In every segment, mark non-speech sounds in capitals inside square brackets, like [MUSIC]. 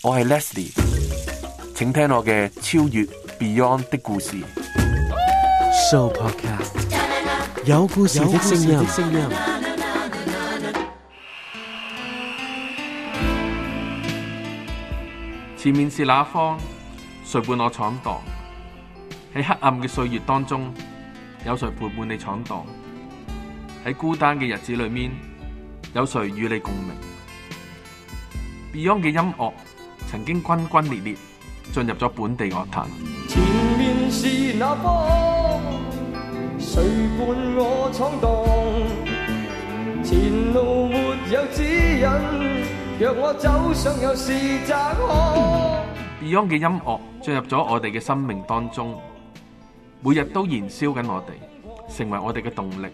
我係 Leslie，請聽我嘅超越 Beyond 的故事 Show Podcast，有故事的聲音。前面是哪方？誰伴我闖蕩？喺黑暗嘅歲月當中，有誰陪伴你闖蕩？喺孤單嘅日子裏面，有誰與你共鳴？Beyond 嘅音樂。曾經轟轟烈烈進入咗本地樂壇。 [COUGHS] Beyond 嘅音樂進入咗我哋嘅生命當中，每日都燃燒緊我哋，成為我哋嘅動力。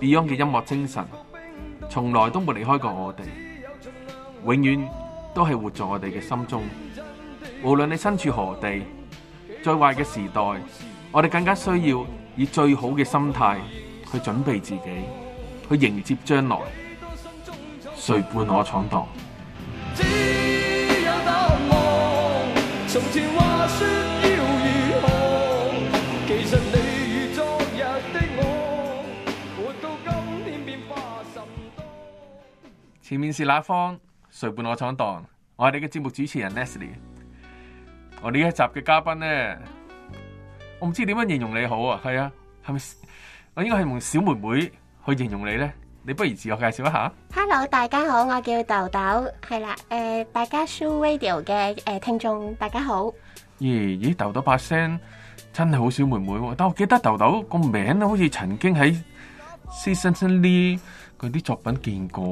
Beyond 嘅音樂精神，從來都冇離開過我哋，永遠。都係活在我哋嘅心中，無論你身處何地，最壞嘅時代，我哋更加需要以最好嘅心態去準備自己，去迎接將來。誰伴我闖蕩？前，前面是哪方？誰伴我闖蕩？我係你嘅節目主持人 Leslie。我呢一集嘅嘉賓咧，我唔知點樣形容你好啊？係啊，係咪？我應該係用小妹妹去形容你咧？你不如自我介紹一下。Hello，大家好，我叫豆豆。係啦，誒，大家 show radio 嘅誒聽眾，大家好。咦咦，豆豆把聲真係好小妹妹，但我記得豆豆個名好似曾經喺 Seasonly 嗰啲作品見過。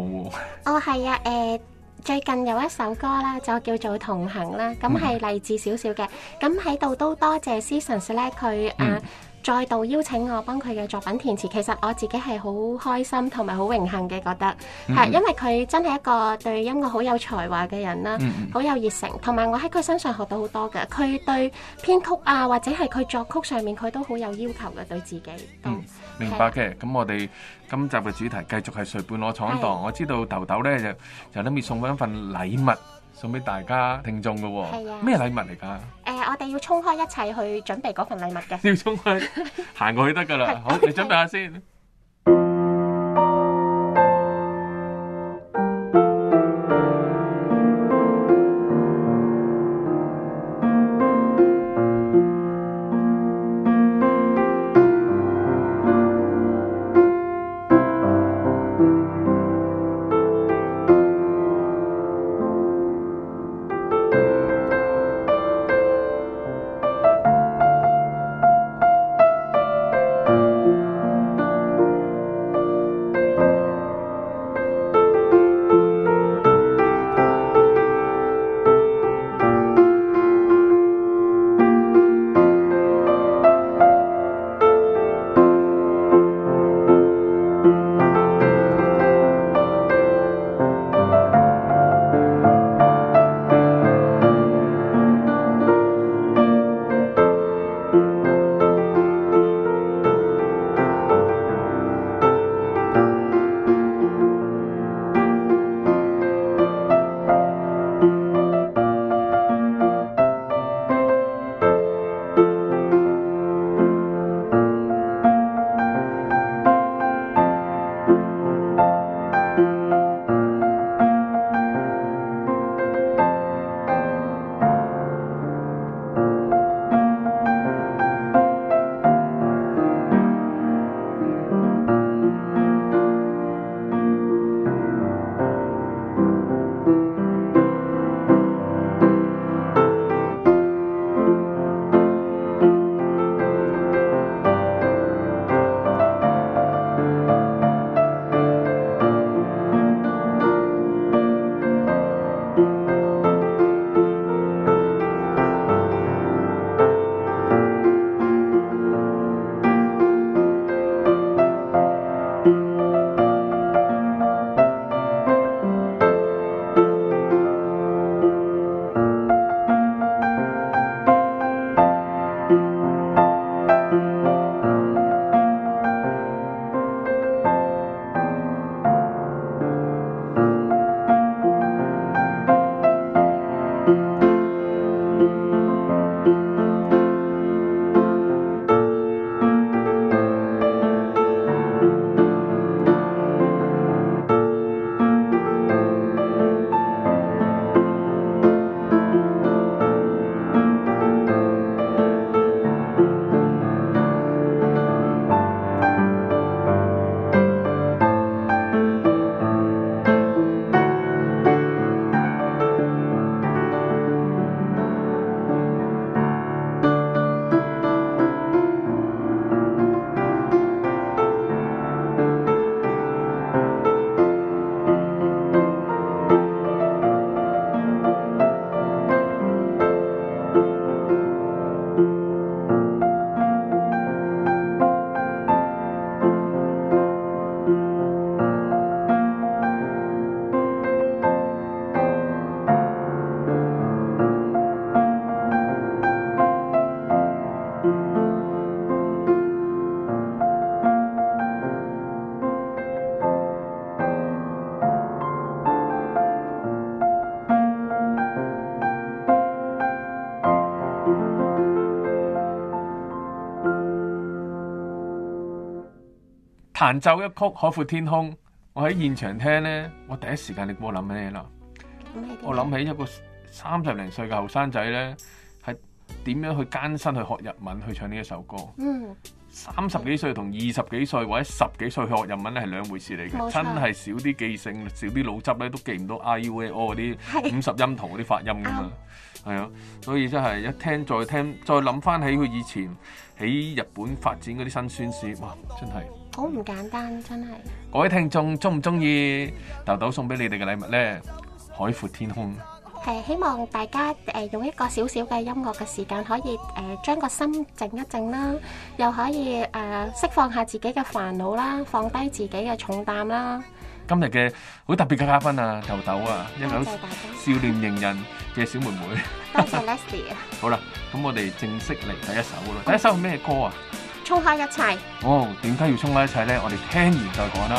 哦，係啊，誒。最近有一首歌啦，就叫做《同行》啦，咁係勵志少少嘅，咁喺度都多謝 C 先生咧，佢、嗯、啊。再度邀請我幫佢嘅作品填詞，其實我自己係好開心同埋好榮幸嘅，覺得係、嗯、哼因為佢真係一個對音樂好有才華嘅人啦，好、嗯、哼有熱誠，同埋我喺佢身上學到好多嘅。佢對編曲啊或者係佢作曲上面，佢都好有要求嘅對自己。嗯，是明白嘅。咁是我哋今集嘅主題繼續係誰伴我闖蕩。是我知道豆豆呢，就就諗住送翻一份禮物。送俾大家聽眾嘅喎，咩的禮物嚟㗎？誒、呃，我哋要衝開一切去準備嗰份禮物嘅， [LAUGHS] 要衝開行過去得㗎啦。 [LAUGHS] 的好， [LAUGHS] 你準備下先。彈奏一曲海闊天空，我喺現場聽呢，我第一時間你估我諗咩啦？我諗起一個三十零歲嘅後生仔呢，係點樣去艱辛去學日文去唱呢一首歌？嗯，三十幾歲同二十幾歲或者十幾歲學日文呢，係兩回事嚟嘅。冇錯，真係少啲記性，少啲腦汁呢，都記唔到 I U A O 嗰啲五十音圖嗰啲發音㗎嘛。係啊，所以真係一聽再聽，再諗返起佢以前喺日本發展嗰啲辛酸史，哇！真係～好唔簡單，真係！各位聽眾中唔中意豆豆送俾你哋嘅禮物咧？海闊天空。誒，希望大家誒、呃、用一個少少嘅音樂嘅時間，可以誒、呃、將個心靜一靜啦，又可以誒、呃、釋放下，放下自己嘅煩惱啦，放低自己嘅重擔啦。今日嘅好特別嘅嘉賓啊，豆豆啊，多謝大家，少年型人嘅小妹妹。 [LAUGHS] 多謝 Leslie。 [LAUGHS] 好啦，咁我哋正式嚟第一首啦。第一首咩歌啊？衝喺一齊！哦，點解要衝喺一齊呢？我哋聽完再講啦。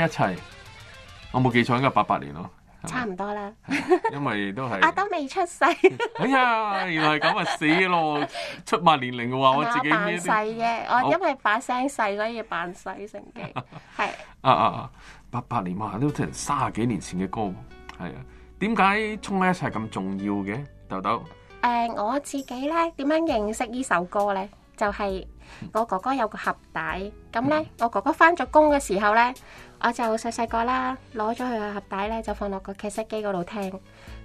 一齊，我冇記錯應該八八年咯，差唔多啦， [LAUGHS] 因為都係阿、啊、都未出世， [LAUGHS] 哎呀，原來係咁啊死咯，出埋年齡嘅話我自己、啊、我扮細嘅，我因為把聲細所以扮細成嘅，係 [LAUGHS] 啊,啊啊，八八年啊，都成三十幾年前嘅歌，係啊，點解《衝埋一齊》咁重要嘅，豆豆？誒、呃，我自己咧點樣認識呢首歌咧？就係、是、我哥哥有個盒帶，咁咧 [LAUGHS] 我哥哥返咗工嘅時候咧。我就細細個啦，攞咗佢嘅盒帶咧，就放落個卡式機嗰度聽。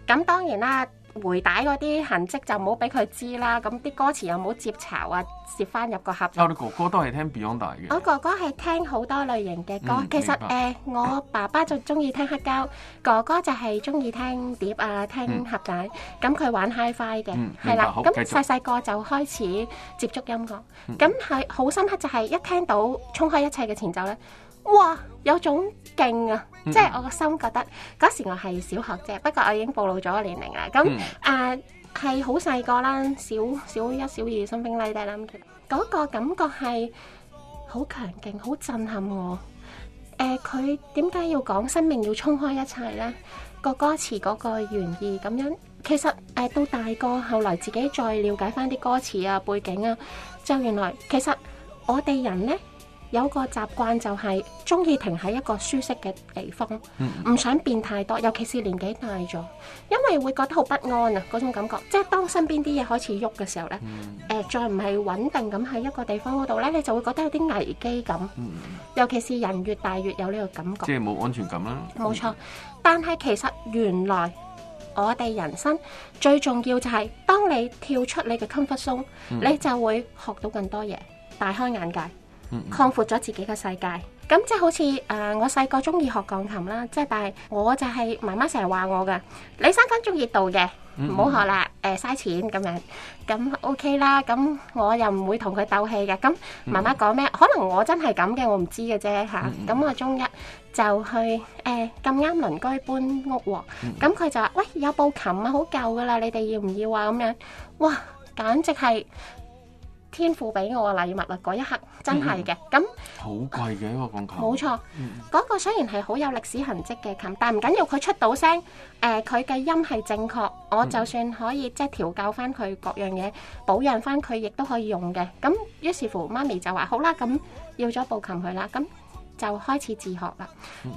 咁當然啦，回帶嗰啲痕迹就冇俾佢知啦。咁啲歌詞又冇接巢啊，接翻入個盒。我哋哥哥都係聽 Beyond 大嘅。我哥哥係聽好多類型嘅歌。其實誒，我爸爸就中意聽黑膠，哥哥就係中意聽碟啊，聽盒帶。咁佢玩 HiFi 嘅，係啦。咁細細個就開始接觸音樂。咁係好深刻，就係一聽到衝開一切嘅前奏咧。哇，有種勁啊！即係我個心覺得，嗰時我係小學啫，不過我已經暴露咗年齡啦。咁誒係好細個啦，小小一、小二，身兵拉低諗住嗰個感覺係好強勁、好震撼我。誒，佢點解要講生命要衝開一切呢？個歌詞嗰個原意咁樣，其實誒到大個後來自己再了解翻啲歌詞啊、背景啊，就原來其實我哋人呢。有個習慣就係中意停喺一個舒適嘅地方，唔、嗯、想變太多。尤其是年紀大咗，因為會覺得好不安啊嗰種感覺。即係當身邊啲嘢開始喐嘅時候呢、嗯呃，再唔係穩定咁喺一個地方嗰度呢，你就會覺得有啲危機感，嗯、尤其是人越大越有呢個感覺，即係冇安全感啦。冇錯，嗯、但係其實原來我哋人生最重要就係當你跳出你嘅 comfort zone、嗯、你就會學到更多嘢，大開眼界。擴闊咗自己嘅世界，咁即係好似誒、呃，我細個中意學鋼琴啦，即係但係我就係媽媽成日話我噶，你三分鐘熱度嘅，唔好、嗯、學啦，誒、呃、嘥錢咁樣，咁 OK 啦，咁我又唔會同佢鬥氣嘅，咁媽媽講咩？可能我真係咁嘅，我唔知嘅啫吓，咁、啊嗯、我中一就去誒咁啱鄰居搬屋、喔，咁佢、嗯、就話喂有部琴啊，好舊噶啦，你哋要唔要啊？咁樣，哇，簡直係。天父俾我禮物啦！嗰一刻真係嘅，咁好、嗯、貴嘅一、這個鋼琴，冇、啊、錯，嗰、嗯、個雖然係好有歷史痕跡嘅琴，但唔緊要，佢出到聲，誒佢嘅音係正確，我就算可以、嗯、即係調教翻佢各樣嘢，保養翻佢，亦都可以用嘅。咁於是乎，媽咪就話：好啦，咁要咗部琴佢啦。咁就開始自學啦。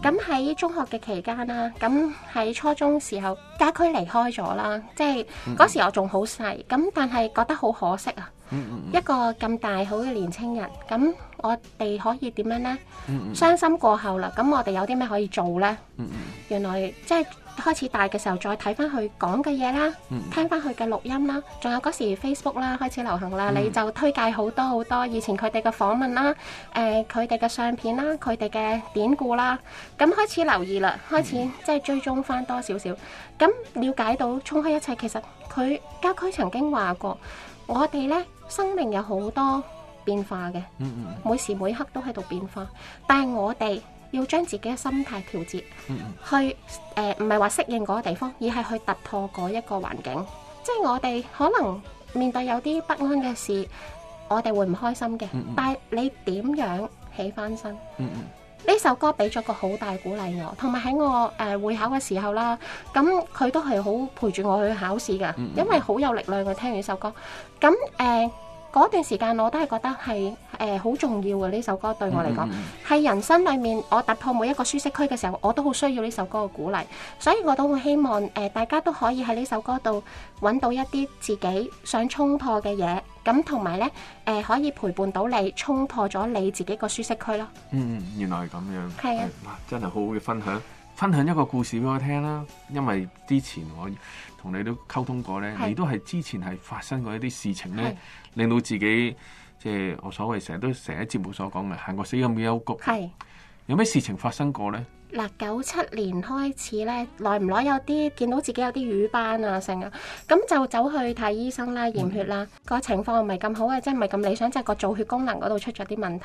咁喺、嗯、中學嘅期間啦，咁喺初中時候家駒離開咗啦。即係嗰、嗯、時我仲好細，咁但係覺得好可惜啊。嗯嗯、一個咁大的好嘅年青人，咁我哋可以點樣呢？嗯嗯、傷心過後啦，咁我哋有啲咩可以做呢？嗯嗯、原來即係。開始大嘅時候，再睇翻佢講嘅嘢啦，嗯、聽翻佢嘅錄音啦，仲有嗰時 Facebook 啦，開始流行啦，嗯、你就推介好多好多，多以前佢哋嘅訪問啦，誒佢哋嘅相片啦，佢哋嘅典故啦，咁開始留意啦，嗯、開始即係追蹤翻多少少，咁了解到衝開一切，其實佢家駒曾經話過，我哋呢，生命有好多變化嘅，嗯嗯、每時每刻都喺度變化，但係我哋。要將自己嘅心態調節，去誒唔係話適應嗰個地方，而係去突破嗰一個環境。即係我哋可能面對有啲不安嘅事，我哋會唔開心嘅。嗯嗯、但係你點樣起翻身？呢、嗯嗯、首歌俾咗個好大鼓勵我，同埋喺我誒、呃、會考嘅時候啦，咁佢都係好陪住我去考試嘅，嗯嗯、因為好有力量。去聽完首歌，咁誒。呃嗰段時間我都係覺得係誒好重要嘅呢首歌對我嚟講，係、嗯嗯、人生裡面我突破每一個舒適區嘅時候，我都好需要呢首歌嘅鼓勵，所以我都好希望誒、呃、大家都可以喺呢首歌度揾到一啲自己想衝破嘅嘢，咁同埋呢，誒、呃、可以陪伴到你衝破咗你自己個舒適區咯。嗯，原來係咁樣，係啊，真係好好嘅分享，分享一個故事俾我聽啦，因為之前我。同你都溝通過咧，是你都係之前係發生過一啲事情咧，是令到自己即係我所謂成日都成日節目所講嘅行過死蔭嘅幽谷。係有咩事情發生過咧？嗱、啊，九七年開始咧，耐唔耐有啲見到自己有啲瘀斑啊，成日，咁就走去睇醫生啦，驗血啦，個、嗯、情況唔係咁好啊，即係唔係咁理想，即、就、係、是、個造血功能嗰度出咗啲問題。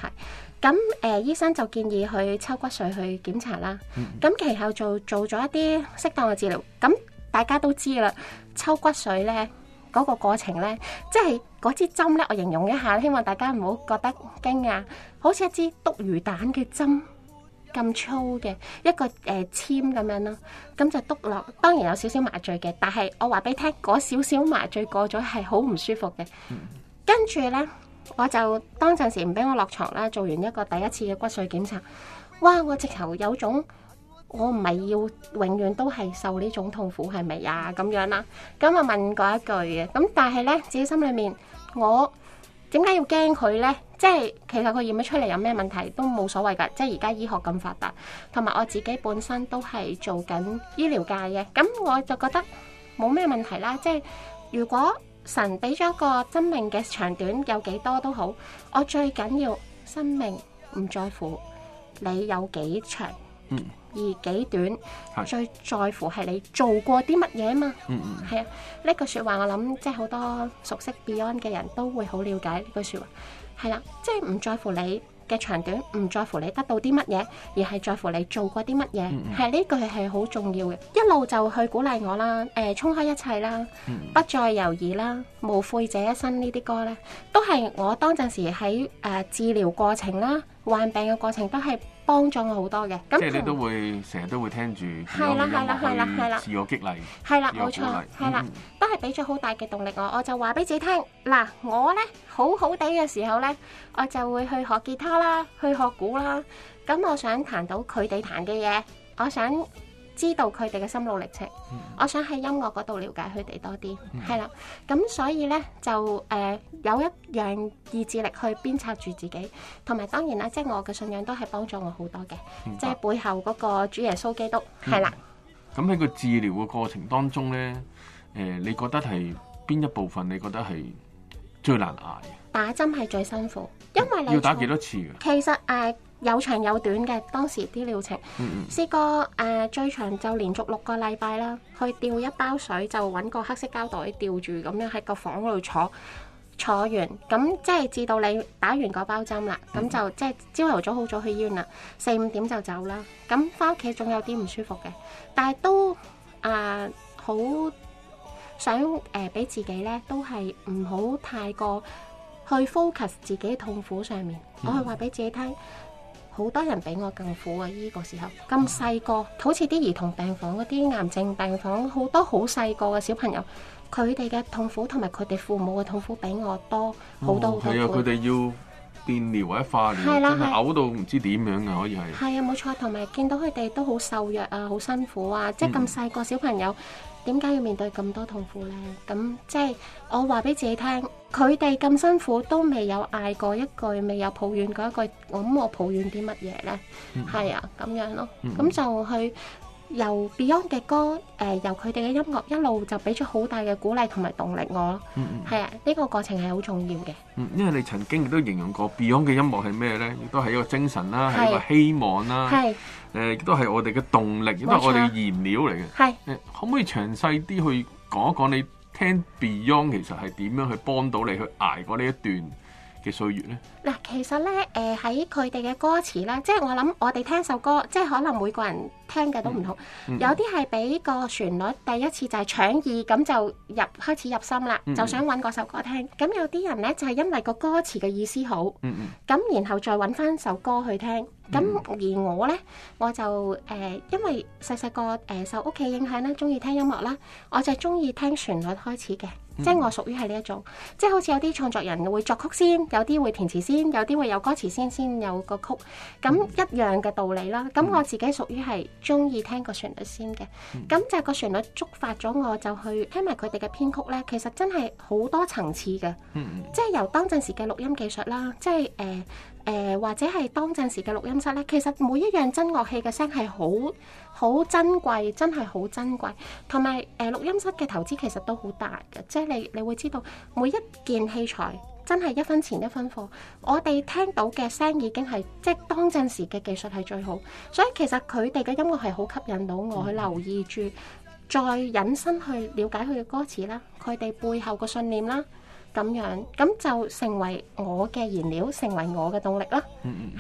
咁誒、呃，醫生就建議去抽骨髓去檢查啦。咁其後就做咗一啲適當嘅治療。咁大家都知啦，抽骨髓呢嗰個過程呢，即係嗰支針呢，我形容一下，希望大家唔好覺得驚訝，好似一支篤魚蛋嘅針咁粗嘅一個誒簽咁樣咯，咁就篤落，當然有少少麻醉嘅，但係我話俾你聽，嗰少少麻醉過咗係好唔舒服嘅。嗯、跟住呢，我就當陣時唔俾我落床啦，做完一個第一次嘅骨髓檢查，哇，我直頭有種。我唔係要永遠都係受呢種痛苦，係咪啊？咁樣啦，咁啊問過一句嘅，咁，但係呢，自己心裏面我點解要驚佢呢？即係其實佢驗咗出嚟有咩問題都冇所謂噶。即係而家醫學咁發達，同埋我自己本身都係做緊醫療界嘅，咁我就覺得冇咩問題啦。即係如果神俾咗個生命嘅長短有幾多都好，我最緊要生命唔在乎你有幾長，嗯。而幾短，最在乎係你做過啲乜嘢嘛？嗯嗯，係啊，呢句說話我諗即係好多熟悉 Beyond 嘅人都會好了解呢句說話。係啦，即係唔在乎你嘅長短，唔在乎你得到啲乜嘢，而係在乎你做過啲乜嘢。係呢句係好重要嘅，一路就去鼓勵我啦，誒，衝開一切啦，不再猶豫啦，無悔這一生呢啲歌咧，都係我當陣時喺誒治療過程啦、患病嘅過程都係。幫助我好多嘅，咁即係你都會成日、嗯、都會聽住，係啦係啦係啦係啦，自我激勵，係啦冇錯，係啦、嗯，都係俾咗好大嘅動力我，我就話俾自己聽，嗱、嗯，我咧好好地嘅時候咧，我就會去學吉他啦，去學鼓啦，咁我想彈到佢哋彈嘅嘢，我想。知道佢哋嘅心路歷程，嗯、我想喺音樂嗰度了解佢哋多啲，係啦、嗯。咁所以呢，就誒、呃、有一樣意志力去鞭策住自己，同埋當然啦，即、就、係、是、我嘅信仰都係幫助我好多嘅，即係、嗯、背後嗰個主耶穌基督，係啦。咁喺個治療嘅過程當中呢，誒、呃、你覺得係邊一部分你覺得係最難挨？打針係最辛苦，因為你要打幾多次。其實誒。呃有長有短嘅，當時啲療程，試、嗯、過誒、呃、最長就連續六個禮拜啦，去吊一包水就揾個黑色膠袋吊住咁樣喺個房度坐，坐完咁即係至到你打完嗰包針啦，咁就、嗯、即係朝頭早好早去醫院啦，四五點就走啦，咁返屋企仲有啲唔舒服嘅，但係都誒好、呃、想誒俾、呃、自己呢，都係唔好太過去 focus 自己痛苦上面，嗯、我去話俾自己聽。好多人比我更苦啊！依個時候咁細個，好似啲兒童病房嗰啲癌症病房，好多好細個嘅小朋友，佢哋嘅痛苦同埋佢哋父母嘅痛苦比我多好、哦、多倍。係啊，佢哋要電療或者化療，嘔到唔知點樣啊，可以係。係啊，冇錯，同埋見到佢哋都好瘦弱啊，好辛苦啊，嗯、即係咁細個小朋友。點解要面對咁多痛苦呢？咁即係我話俾自己聽，佢哋咁辛苦都未有嗌過一句，未有抱怨過一句，我咁我抱怨啲乜嘢呢？係、嗯、啊，咁樣咯，咁、嗯、就去。由 Beyond 嘅歌，誒、呃、由佢哋嘅音樂一路就俾咗好大嘅鼓勵同埋動力我咯，係、嗯、啊，呢、這個過程係好重要嘅。嗯，因為你曾經亦都形容過 Beyond 嘅音樂係咩咧，亦都係一個精神啦、啊，係是一個希望啦、啊，誒亦都係我哋嘅動力，亦都係我哋嘅燃料嚟嘅。係是，誒可唔可以詳細啲去講一講你聽 Beyond 其實係點樣去幫到你去捱過呢一段嘅歲月咧，嗱，其實咧，誒喺佢哋嘅歌詞咧，即係我諗，我哋聽首歌，即係可能每個人聽嘅都唔同，嗯嗯、有啲係俾個旋律第一次就係搶耳，咁就入開始入心啦，嗯、就想揾嗰首歌聽。咁有啲人咧就係、是、因為個歌詞嘅意思好，咁、嗯嗯、然後再揾翻首歌去聽。咁而我咧，我就誒、呃、因為細細個誒受屋企影響咧，中意聽音樂啦，我就中意聽旋律開始嘅。即係我屬於係呢一種，即係好似有啲創作人會作曲先，有啲會填詞先，有啲會有歌詞先，先有個曲，咁一樣嘅道理啦。咁我自己屬於係中意聽個旋律先嘅，咁就係個旋律觸發咗我就去聽埋佢哋嘅編曲咧。其實真係好多層次嘅，即係由當陣時嘅錄音技術啦，即係誒。呃誒、呃、或者係當陣時嘅錄音室咧，其實每一樣真樂器嘅聲係好好珍貴，真係好珍貴。同埋誒錄音室嘅投資其實都好大嘅，即係你你會知道每一件器材真係一分錢一分貨。我哋聽到嘅聲已經係即係當陣時嘅技術係最好，所以其實佢哋嘅音樂係好吸引到我，嗯、去留意住再引申去了解佢嘅歌詞啦，佢哋背後嘅信念啦。咁樣咁就成為我嘅燃料，成為我嘅動力咯。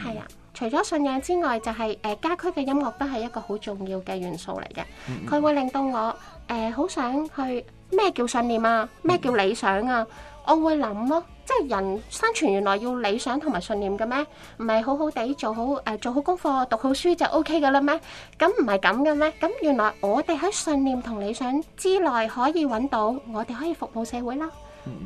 係 [MUSIC] 啊，除咗信仰之外，就係、是、誒、呃、家居嘅音樂都係一個好重要嘅元素嚟嘅。佢 [MUSIC] 會令到我誒好、呃、想去咩叫信念啊？咩叫理想啊？ [MUSIC] 我會諗咯，即係人生存原來要理想同埋信念嘅咩？唔係好好地做好誒、呃、做好功課、讀好書就 O K 㗎啦咩？咁唔係咁嘅咩？咁原來我哋喺信念同理想之內可以揾到我哋可以服務社會啦。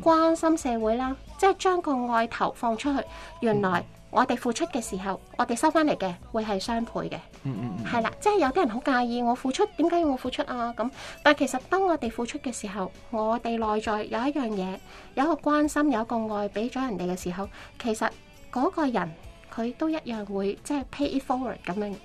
關心社會啦，即係將個愛投放出去。原來我哋付出嘅時候，我哋收翻嚟嘅會係雙倍嘅。嗯嗯。係啦，即係有啲人好介意我付出，點解要我付出啊？咁，但係其實當我哋付出嘅時候，我哋內在有一樣嘢，有一個關心，有一個愛俾咗人哋嘅時候，其實嗰個人佢都一樣會即係 pay it forward 咁樣，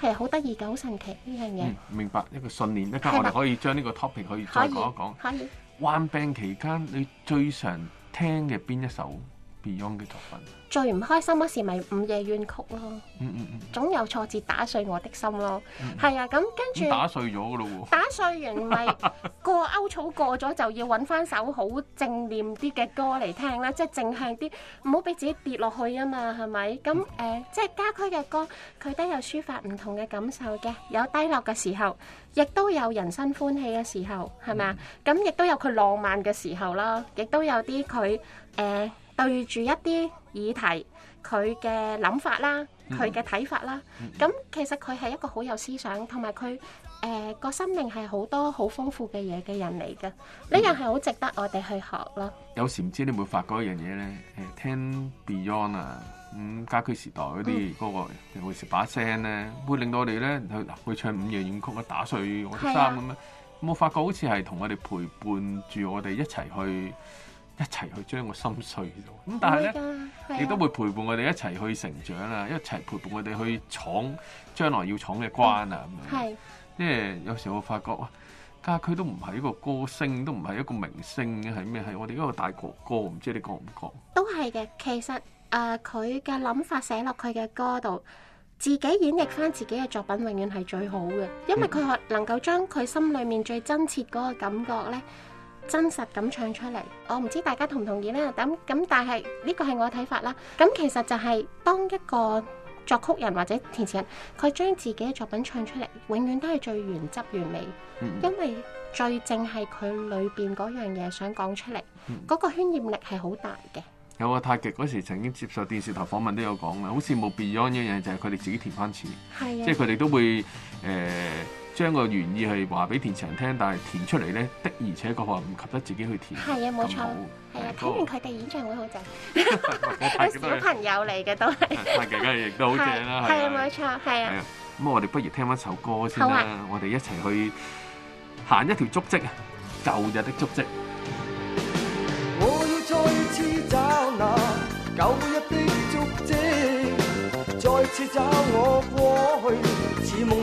係好得意嘅，好神奇呢樣嘢。嗯，明白呢個信念，一陣間我哋可以將呢個 topic 吧可以再講一講。可以。患病期間你最常聽嘅邊一首？Beyond 嘅作品，最唔開心嗰時咪午夜怨曲咯，嗯嗯嗯，總有挫折打碎我的心咯，係 [LAUGHS] 啊，咁、嗯嗯、跟住着打碎咗嗰咯喎，打碎完咪過歐草過咗就要揾翻首好正念啲嘅歌嚟聽啦，即係正向啲，唔好俾自己跌落去啊嘛，係咪？咁誒、呃，即係家駒嘅歌，佢都有抒發唔同嘅感受嘅，有低落嘅時候，亦都有人生歡喜嘅時候，係咪、嗯呃、啊？咁亦 [LAUGHS] [LAUGHS] 都有佢浪漫嘅時候啦，亦都有啲佢誒。對住一啲議題，佢嘅諗法啦，佢嘅睇法啦，咁其實佢係一個好有思想，同埋佢誒個生命係好多好豐富嘅嘢、嘅人嚟嘅，呢樣係好值得我哋去學咯。有時唔知，你有冇發覺一樣嘢咧？誒，聽 Beyond 啊，咁家居時代嗰啲嗰個有時把聲咧，會令到我哋咧去，會唱午夜怨曲咧，打碎我啲衫咁樣，有冇發覺好似係同我哋陪伴住我哋一齊去？一齊去將個心碎咗，咁但係咧，亦都會陪伴我哋一齊去成長啦，一齊陪伴我哋去闖將來要闖嘅關啊！係、嗯，即係有時候我發覺啊，家駒都唔係一個歌星，都唔係一個明星嘅，係咩？係我哋一個大哥哥，唔知你覺唔覺？都係嘅，其實誒，佢嘅諗法寫落佢嘅歌度，自己演繹返自己嘅作品，永遠係最好嘅，因為佢係能夠將佢心裏面最真切嗰個感覺咧。真實咁唱出嚟，我唔知大家同唔同意咧？咁咁，但係呢個係我嘅睇法啦。咁其實就係當一個作曲人或者填詞人，佢將自己嘅作品唱出嚟，永遠都係最原汁原味，因為最正係佢裏邊嗰樣嘢想講出嚟，嗰 [LAUGHS] 個渲染力係好大嘅。有啊，太極嗰時曾經接受電視台訪問都有講啦，好似冇 Beyond 嘅嘢就係佢哋自己填翻詞，的即係佢哋都會誒。呃將個原意係話俾填詞人聽，但係填出嚟咧的，而且確話唔及得自己去填。係啊，冇錯。當然佢哋演唱會好正，都小朋友嚟嘅都係。係啊，冇錯，係啊。咁我哋不如聽返首歌先啦，我哋一齊去行一條足跡啊，舊日的足跡。我要再次找那舊日的足跡，再次找我過去。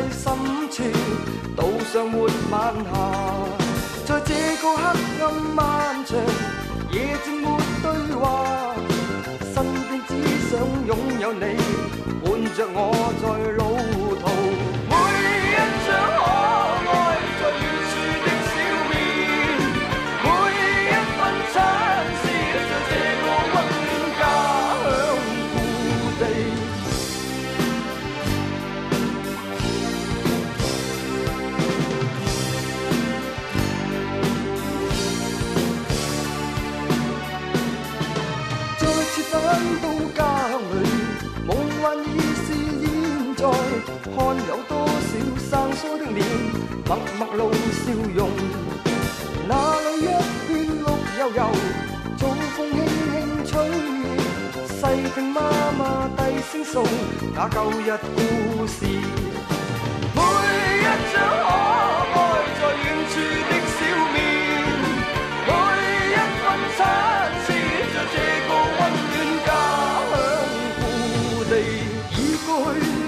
深處，島上沒晚霞，在這個黑暗漫長，夜靜沒對話，身邊只想擁有你，伴着我在路。笑容，那裏，一片綠油油，早風輕輕吹，細聽媽媽低聲訴那舊日故事。 [MUSIC] 每一張可愛在遠處的笑面，每一分親切在這個溫暖家鄉故地，已去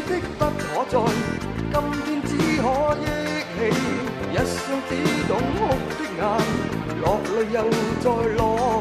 的不可再。只懂哭的眼，落淚又再落。 [NOISE]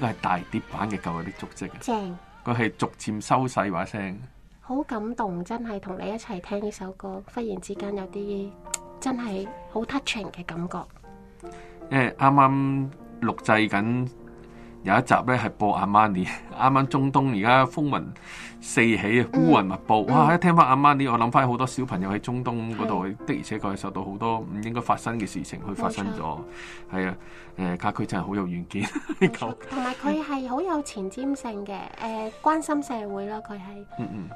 個係大碟版嘅舊嗰啲足跡，正。佢係逐漸收細話聲，好感動，真係同你一齊聽呢首歌，忽然之間有啲真係好 touching 嘅感覺。誒、欸，啱啱錄製緊。有一集咧係播 Amani，啱啱中東而家風雲四起啊、嗯，烏雲密布。哇！一聽翻 Amani，我諗翻好多小朋友喺中東嗰度是 的而且確係受到好多唔應該發生嘅事情，佢發生咗。係啊，誒，家駒真係好有遠見。同埋佢係好有前瞻性嘅，誒，關心社會咯。佢係。嗯嗯，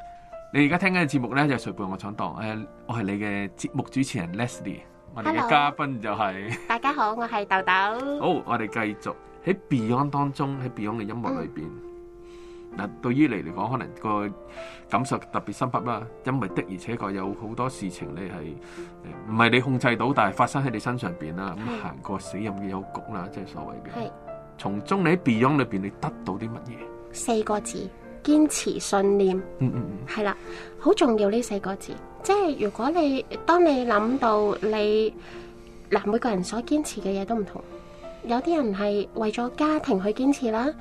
你而家聽緊嘅節目咧就《誰伴我闖蕩》。誒，我係你嘅節目主持人 Leslie。Hello 我哋嘅嘉賓就係。大家好，我係豆豆。 [LAUGHS] 好，我哋繼續。喺 Beyond 當中，喺 Beyond 嘅音樂裏邊，嗱對於你嚟講，可能個感受特別深刻啦。因為，的而且確有好多事情你係唔係你控制到，但係發生喺你身上邊啦。咁行過死蔭嘅幽谷啦，即係所謂嘅。係，從中你喺 Beyond 裏邊，你得到啲乜嘢？四個字：堅持信念。嗯嗯嗯，係啦，好重要呢四個字。即係如果你當你諗到你嗱，每個人所堅持嘅嘢都唔同。有啲人係為咗家庭去堅持啦，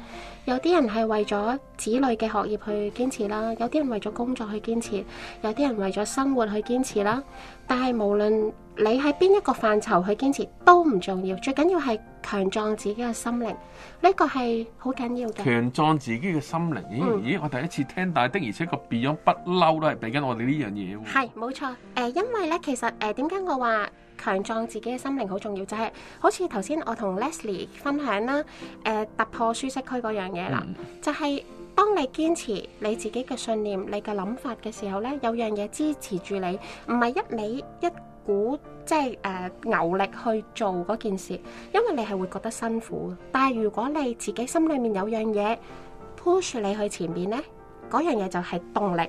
有啲人係為咗子女嘅學業去堅持啦，有啲人為咗工作去堅持，有啲人為咗生活去堅持啦。但係無論你喺邊一個範疇去堅持都唔重要，最緊要係強壯自己嘅心靈，呢個係好緊要嘅。強壯自己嘅心靈，咦、嗯、咦，我第一次聽，但係的而且確變樣不嬲都係俾緊我哋呢樣嘢。係冇錯，誒、呃，因為咧，其實誒，點、呃、解我話？強壯自己嘅心靈好重要，就係、是、好似頭先我同 Leslie 分享啦，誒、呃、突破舒適區嗰樣嘢啦，嗯、就係當你堅持你自己嘅信念、你嘅諗法嘅時候呢，有樣嘢支持住你，唔係一味一股即係誒牛力去做嗰件事，因為你係會覺得辛苦。但係如果你自己心裏面有樣嘢 push 你去前邊呢，嗰樣嘢就係動力，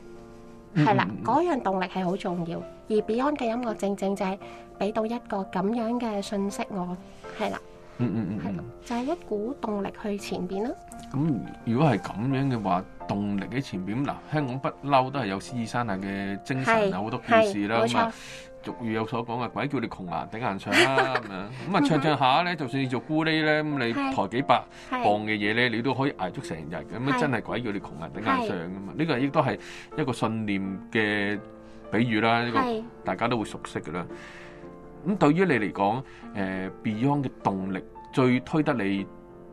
係、嗯、啦，嗰樣動力係好重要。而 Beyond 嘅音樂正正就係俾到一個咁樣嘅信息我，係啦，嗯嗯嗯，係，就係、是、一股動力去前邊啦。咁、嗯、如果係咁樣嘅話，動力喺前邊嗱，香港不嬲都係有獅子山下嘅精神是有好多故事啦咁啊，俗語有所講嘅，鬼叫你窮牙、啊、頂硬上啦、啊、咁 [LAUGHS] 樣，咁啊唱唱下咧，就算你做咕喱咧，咁你抬幾百磅嘅嘢咧，是你都可以捱足成日嘅，咁啊真係鬼叫你窮牙、啊、頂硬上噶、啊、嘛，呢個亦都係一個信念嘅。比喻啦，呢是個大家都會熟悉嘅啦。咁、嗯、對於你嚟講，誒、呃、Beyond 嘅動力最推得你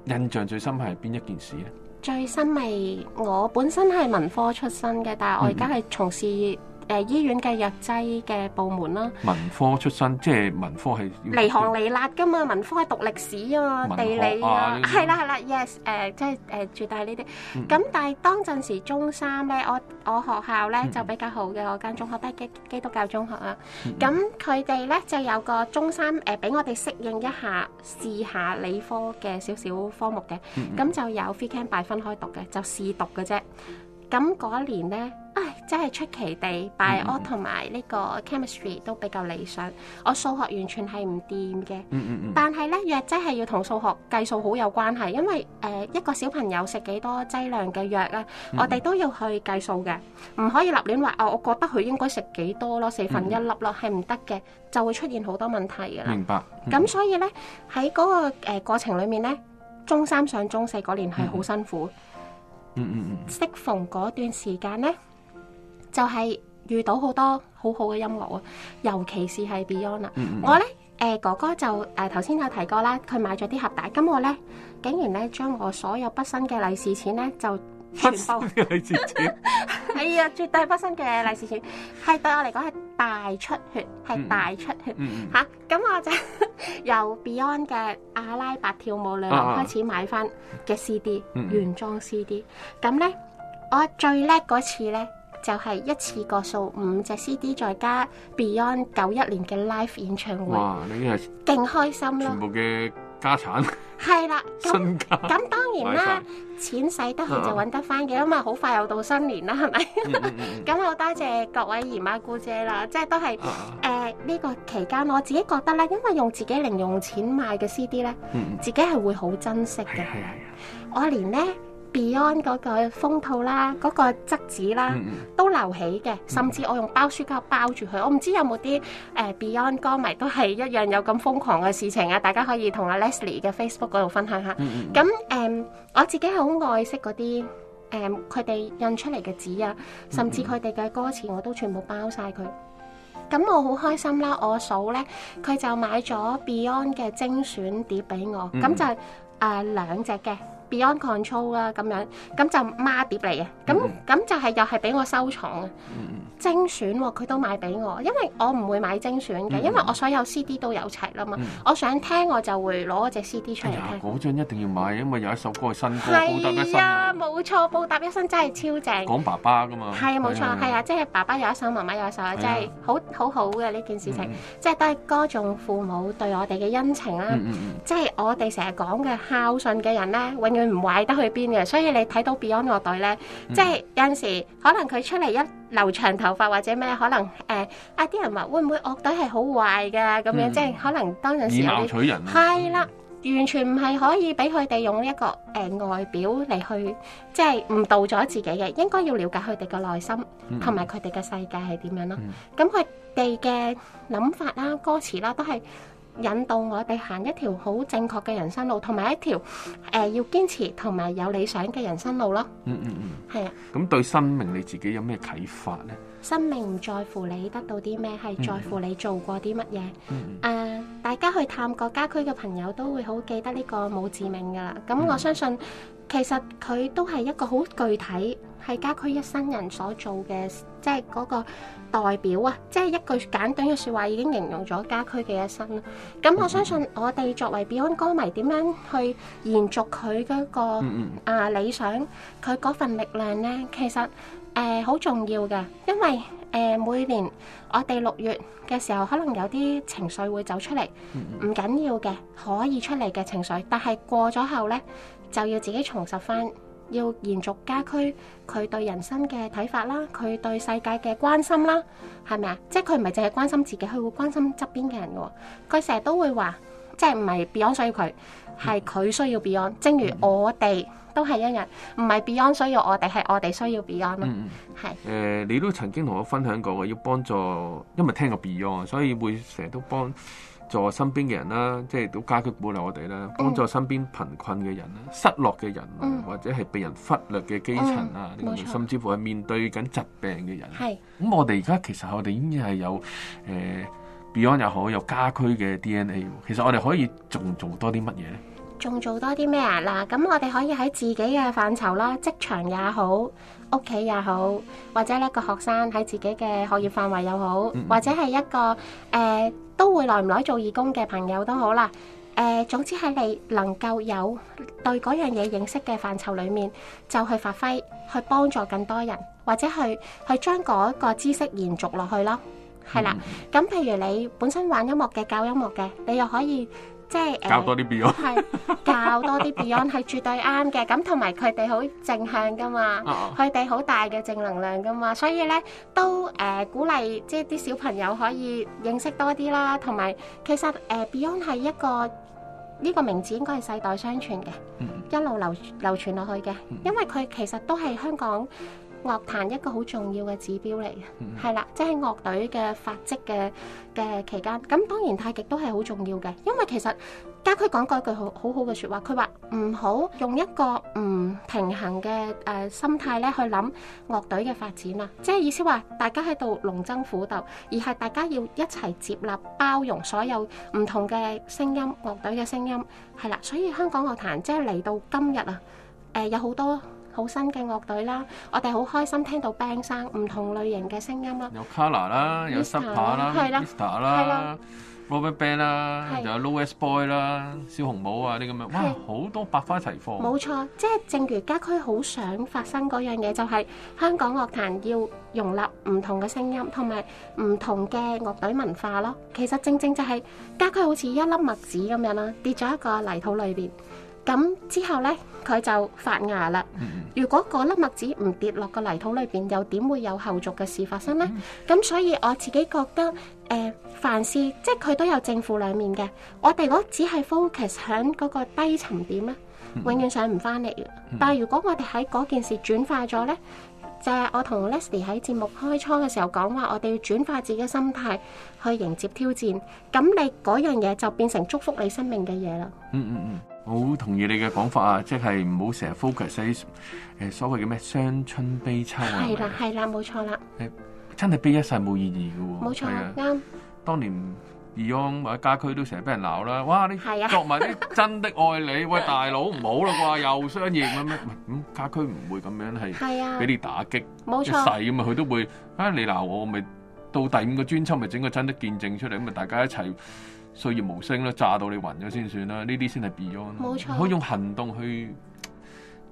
印象最深係邊一件事咧？最深咪我本身係文科出身嘅，但係我而家係從事、嗯。誒、呃、醫院嘅藥劑嘅部門啦，文科出身，即係文科係離行離辣㗎嘛，文科係讀歷史啊、嘛，地理啊，係啦係啦，yes 誒，即係誒，絕對呢啲。咁、嗯、但係當陣時中三咧，我我學校咧就比較好嘅，嗯、我間中學都係基基督教中學啊。咁佢哋咧就有個中三誒，俾、呃、我哋適應一下，試下理科嘅少少科目嘅。咁、嗯嗯、就有 free camp by 分開讀嘅，就試讀嘅啫。咁嗰一年咧，唉，真係出奇地，biology 同埋呢個 chemistry 都比較理想。我數學完全係唔掂嘅，但係咧藥劑係要同數學計數好有關係，因為誒一個小朋友食幾多劑量嘅藥咧，我哋都要去計數嘅，唔可以立亂話。哦，我覺得佢應該食幾多咯，四分一粒咯，係唔得嘅，就會出現好多問題嘅啦。明白。咁所以咧，喺嗰個誒過程裏面咧，中三上中四嗰年係好辛苦。嗯嗯嗯，適逢嗰段時間咧，就係遇到好多好好嘅音樂啊，尤其是係 Beyond 啦。我咧誒哥哥就誒頭先有提過啦，佢買咗啲盒帶，咁我咧竟然咧將我所有畢生嘅利是錢咧就。不新嘅利是錢，全 [LAUGHS] 哎呀，絕對不新嘅利 [LAUGHS] 是錢，係對我嚟講係大出血，係大出血吓。咁、嗯啊、我就由 Beyond 嘅阿拉伯跳舞女郎開始買翻嘅 CD、啊、原裝 CD。咁咧、嗯嗯，我最叻嗰次咧，就係、是、一次過掃五隻 CD，再加 Beyond 九一年嘅 Live 演唱會。哇！你呢係勁開心啦！全部嘅家產。係啦，咁咁家當然啦， [LAUGHS] 錢使得去就揾得翻嘅，啊、因為好快又到新年啦，係咪？咁好多謝各位姨媽姑姐啦， [LAUGHS] 即係都係誒呢個期間，我自己覺得咧，因為用自己零用錢買嘅 CD 咧，嗯、自己係會好珍惜嘅。嗯、我連咧。Beyond 嗰個封套啦，嗰、嗰個質紙啦，嗯嗯都留起嘅。甚至我用包書膠包住佢，我唔知有冇啲誒 Beyond 歌迷都係一樣有咁瘋狂嘅事情啊！大家可以同阿 Leslie 嘅 Facebook 嗰度分享下。咁誒、嗯嗯嗯，我自己好愛惜嗰啲誒，佢、嗯、哋印出嚟嘅紙啊，甚至佢哋嘅歌詞我都全部包晒佢。咁我好開心啦！我嫂咧，佢就買咗 Beyond 嘅精選碟俾我，咁、嗯嗯、就誒、係呃、兩隻嘅。Beyond Control 啦咁樣，咁就孖碟嚟嘅，咁咁就係又係俾我收藏啊！精選佢都買俾我，因為我唔會買精選嘅，因為我所有 CD 都有齊啦嘛。我想聽我就會攞隻 CD 出嚟聽。嗰張一定要買，因為有一首歌係新歌《報答一生》啊，冇錯，《報答一生》真係超正。講爸爸㗎嘛？係啊，冇錯，係啊，即係爸爸有一首，媽媽有一首，即係好好好嘅呢件事情，即係都係歌頌父母對我哋嘅恩情啦。即係我哋成日講嘅孝順嘅人咧，永遠。佢唔壞得去邊嘅，所以你睇到 Beyond 樂隊咧，嗯、即係有陣時可能佢出嚟一留長頭髮或者咩，可能誒、呃、啊啲人話會唔會樂隊係好壞噶咁、嗯、樣，即係可能當陣時係以貌取人啦。係啦，完全唔係可以俾佢哋用一、這個誒、呃、外表嚟去，即係誤導咗自己嘅。應該要了解佢哋嘅內心，同埋佢哋嘅世界係點樣咯。咁佢哋嘅諗法啦、歌詞啦都係。引導我哋行一條好正確嘅人生路，同埋一條誒、呃、要堅持同埋有，有理想嘅人生路咯。嗯嗯嗯，係啊。咁對生命你自己有咩啟發呢？生命唔在乎你得到啲咩，係在乎你做過啲乜嘢。誒，大家去探國家區嘅朋友都會好記得呢個墓誌銘㗎啦。咁我相信其實佢都係一個好具體。係家駒一生人所做嘅，即係嗰個代表啊！即係一句簡短嘅說話，已經形容咗家駒嘅一生。咁我相信我哋作為 Beyond 歌迷，點樣去延續佢嗰、那個啊理想，佢嗰份力量呢，其實誒好、呃，重要嘅，因為誒、呃、每年我哋六月嘅時候，可能有啲情緒會走出嚟，唔緊要嘅，可以出嚟嘅情緒，但係過咗後呢，就要自己重拾翻。要延續家區佢對人生嘅睇法啦，佢對世界嘅關心啦，係咪啊？即係佢唔係淨係關心自己，佢會關心側邊嘅人嘅。佢成日都會話，即係唔係 Beyond 需要佢，係佢需要 Beyond。正如我哋、嗯、都係一樣，唔係 Beyond 需要我哋，係我哋需要 Beyond 咯、嗯。係誒是、呃，你都曾經同我分享過，要幫助，因為聽過 Beyond，所以會成日都幫助身邊嘅人啦，即係都家居鼓勵我哋啦，幫助身邊貧困嘅人啦，嗯、失落嘅人、嗯、或者係被人忽略嘅基層啊，嗯、甚至乎係面對緊疾病嘅人。咁是、嗯、我哋而家其實我哋已經係有誒、呃、Beyond 又好有家居嘅 DNA。其實我哋可以仲做多啲乜嘢咧？仲做多啲咩啊？嗱，咁我哋可以喺自己嘅範疇啦，職場也好，屋企也好，或者一個學生喺自己嘅學業範圍又好，嗯、或者係一個誒、呃、都會耐唔耐做義工嘅朋友都好啦。誒、呃，總之喺你能夠有對嗰樣嘢認識嘅範疇裏面，就去發揮去幫助更多人，或者去去將嗰個知識延續落去咯。係、嗯、啦，咁譬如你本身玩音樂嘅，教音樂嘅，你又可以。即係教多啲 Beyond，係教 [LAUGHS] 多啲 Beyond 係絕對啱嘅。咁同埋佢哋好正向噶嘛，佢哋好大嘅正能量噶嘛。所以咧都誒、呃、鼓勵，即係啲小朋友可以認識多啲啦。同埋其實誒、呃、Beyond 係一個呢、呢個名字應該係世代相傳嘅，嗯、一路流流傳落去嘅。因為佢其實都係香港。樂壇一個好重要嘅指標嚟嘅，係啦、mm hmm.，即係樂隊嘅發跡嘅嘅期間。咁當然，太極都係好重要嘅，因為其實家駒講過一句好好好嘅説話，佢話唔好用一個唔平衡嘅誒、呃、心態咧去諗樂隊嘅發展啊，即係意思話大家喺度龍爭虎鬥，而係大家要一齊接納包容所有唔同嘅聲音，樂隊嘅聲音係啦。所以香港樂壇即係嚟到今日啊，誒、呃、有好多。好新嘅樂隊啦，我哋好開心聽到 Bang 生唔同類型嘅聲音啦。有 Kolor 啦，有 Supper 啦，Vista 啦，RubberBand 啦，仲有 Louis Boy 啦，小紅帽啊啲咁樣，哇，好多百花齊放。冇錯，即係正如家區好想發生嗰樣嘢，就係香港樂壇要容納唔同嘅聲音，同埋唔同嘅樂隊文化咯。其實正正就係家區好似一粒麥子咁樣啦，跌咗一個泥土裏邊。咁之後呢，佢就發芽啦。如果嗰粒麥子唔跌落個泥土裏邊，又點會有後續嘅事發生呢？咁所以我自己覺得，誒、呃，凡事即係佢都有正負兩面嘅。我哋如果只係 focus 喺嗰個低層點咧，永遠上唔翻嚟嘅。但係如果我哋喺嗰件事轉化咗呢。就係我同 Leslie 喺節目開初嘅時候講話，我哋要轉化自己嘅心態去迎接挑戰。咁你嗰樣嘢就變成祝福你生命嘅嘢啦。嗯嗯嗯，我好同意你嘅講法啊！即係唔好成日 focus 喺誒所謂嘅咩傷春悲秋啊。係啦係啦，冇錯啦。誒，真係悲一世冇意義嘅喎。冇錯，啱。當年。Beyond 或者家駒都成日俾人鬧啦，哇！你作埋啲、啊、真的愛你， [LAUGHS] 喂，大佬唔好啦啩，又相應咁咩？咁、嗯、家駒唔會咁樣係俾你打擊，細咁啊，佢錯都會啊你鬧我，咪到第五個專輯咪整個真的見證出嚟，咁啊大家一齊歲月無聲啦，炸到你暈咗先算啦，呢啲先係 Beyond，冇錯可以用行動去，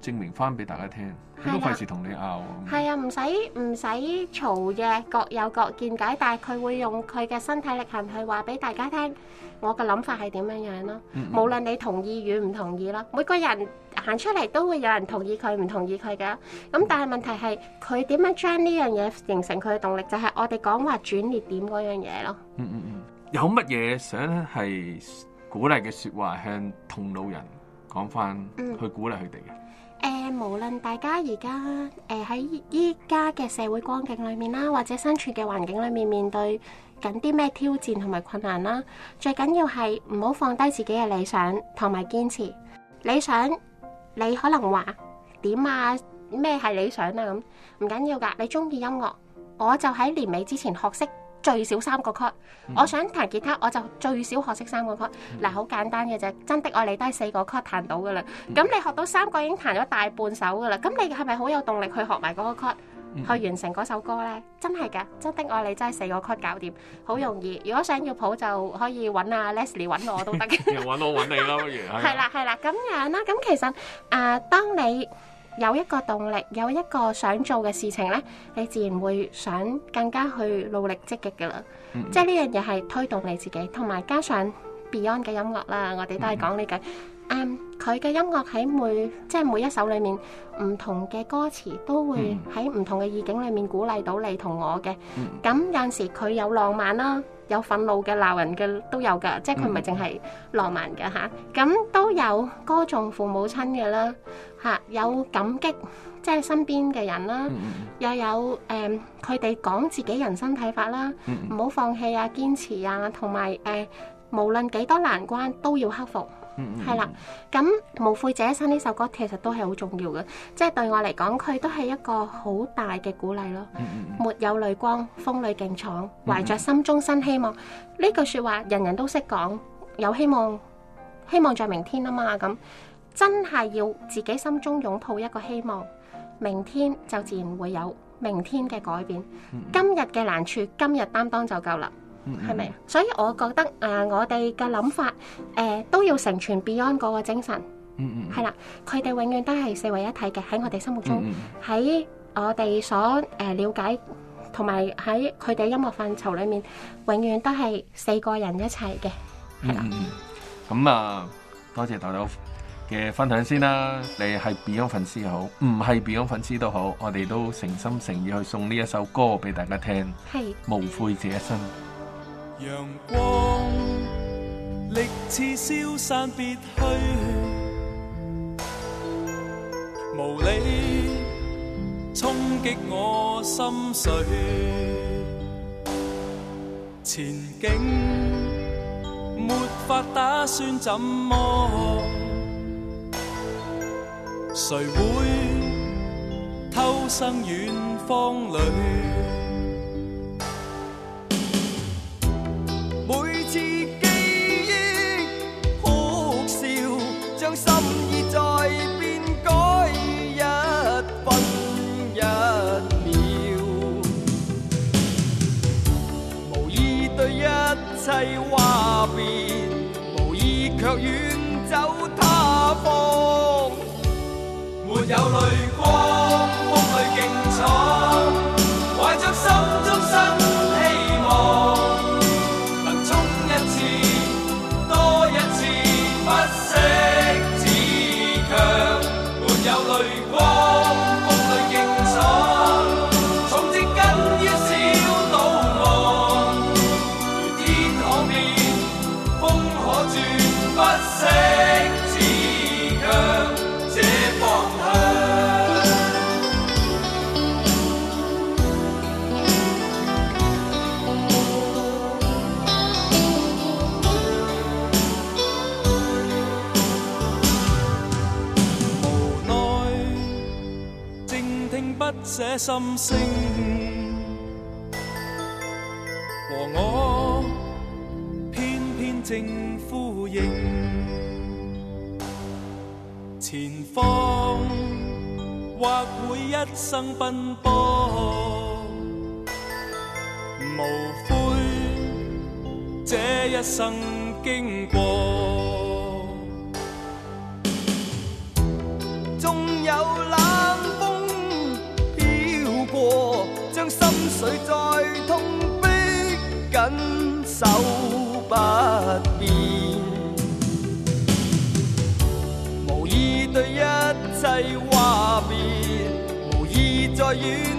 證明翻俾大家聽，佢都費事同你拗。係啊的，唔使唔使嘈嘅，各有各見解。但係佢會用佢嘅身體力行去話俾大家聽，我嘅諗法係點樣樣咯。嗯、無論你同意與唔同意咯，每個人行出嚟都會有人同意佢唔同意佢嘅。咁、嗯嗯、但係問題係佢點樣將呢樣嘢形成佢嘅動力，就係、是、我哋講話轉捩點嗰樣嘢咯。嗯嗯嗯，有乜嘢想係鼓勵嘅説話向同路人講翻去鼓勵佢哋嘅？嗯誒、呃，無論大家而家誒喺依家嘅社會光景裏面啦，或者身處嘅環境裏面面對緊啲咩挑戰同埋困難啦，最緊要係唔好放低自己嘅理想同埋堅持。理想，你可能話點啊？咩係理想啊？咁唔緊要噶，你中意音樂，我就喺年尾之前學識。最少三個曲，嗯、我想彈吉他我就最少學識三個曲、嗯啊。嗱，好簡單嘅啫。真的愛你都係四個曲 u 彈到噶啦，咁、嗯、你學到三個已經彈咗大半首噶啦，咁你係咪好有動力去學埋嗰個曲、嗯、去完成嗰首歌咧？真係噶，真的愛你真係四個曲搞掂，好容易。嗯、如果想要譜就可以揾阿、啊、Leslie 揾我都得嘅， [LAUGHS] 揾我揾你啦，不係啦，係啦，咁樣啦，咁其實誒、呃，當你。有一個動力，有一個想做嘅事情呢，你自然會想更加去努力積極嘅啦。Mm hmm. 即係呢樣嘢係推動你自己，同埋加上 Beyond 嘅音樂啦，我哋都係講呢句。佢嘅、mm hmm. um, 音樂喺每即係每一首裡面唔同嘅歌詞，都會喺唔同嘅意境裡面鼓勵到你同我嘅。咁、mm hmm. 有陣時佢有浪漫囉。有憤怒嘅鬧人嘅都有㗎，即係佢唔係淨係浪漫嘅嚇，咁、mm hmm. 啊、都有歌頌父母親嘅啦嚇，有感激即係身邊嘅人啦，mm hmm. 又有誒佢哋講自己人生睇法啦，唔好、mm hmm. 放棄啊，堅持啊，同埋誒無論幾多難關都要克服。係啦，咁《無悔這一生》呢首歌其實都係好重要嘅，即係對我嚟講，佢都係一個好大嘅鼓勵咯。 [NOISE] 沒有淚光，風裏勁闖，懷着心中新希望，呢句 [NOISE] 說話人人都識講，有希望，希望在明天啊嘛，咁，真係要自己心中擁抱一個希望，明天就自然會有明天嘅改變。 [NOISE] 今日嘅難處，今日擔當就夠啦。係咪啊？所以我覺得誒、呃，我哋嘅諗法誒、呃、都要成全 Beyond 嗰個精神。嗯嗯。係、嗯、啦，佢哋永遠都係四位一體嘅喺我哋心目中，喺、嗯嗯、我哋所誒、呃、了解同埋喺佢哋音樂範疇裏面，永遠都係四個人一齊嘅、嗯。嗯嗯咁啊，多謝豆豆嘅分享先啦。你係 Beyond 粉絲好，唔係 Beyond 粉絲都好，我哋都誠心誠意去送呢一首歌俾大家聽。係是。無悔這一生。陽光力刺消散別，別去無理衝擊我心水，前景沒法打算怎麼，誰會偷生遠方裏？這心聲和我偏偏正呼應，前方或會一生奔波，無悔這一生經過。雨。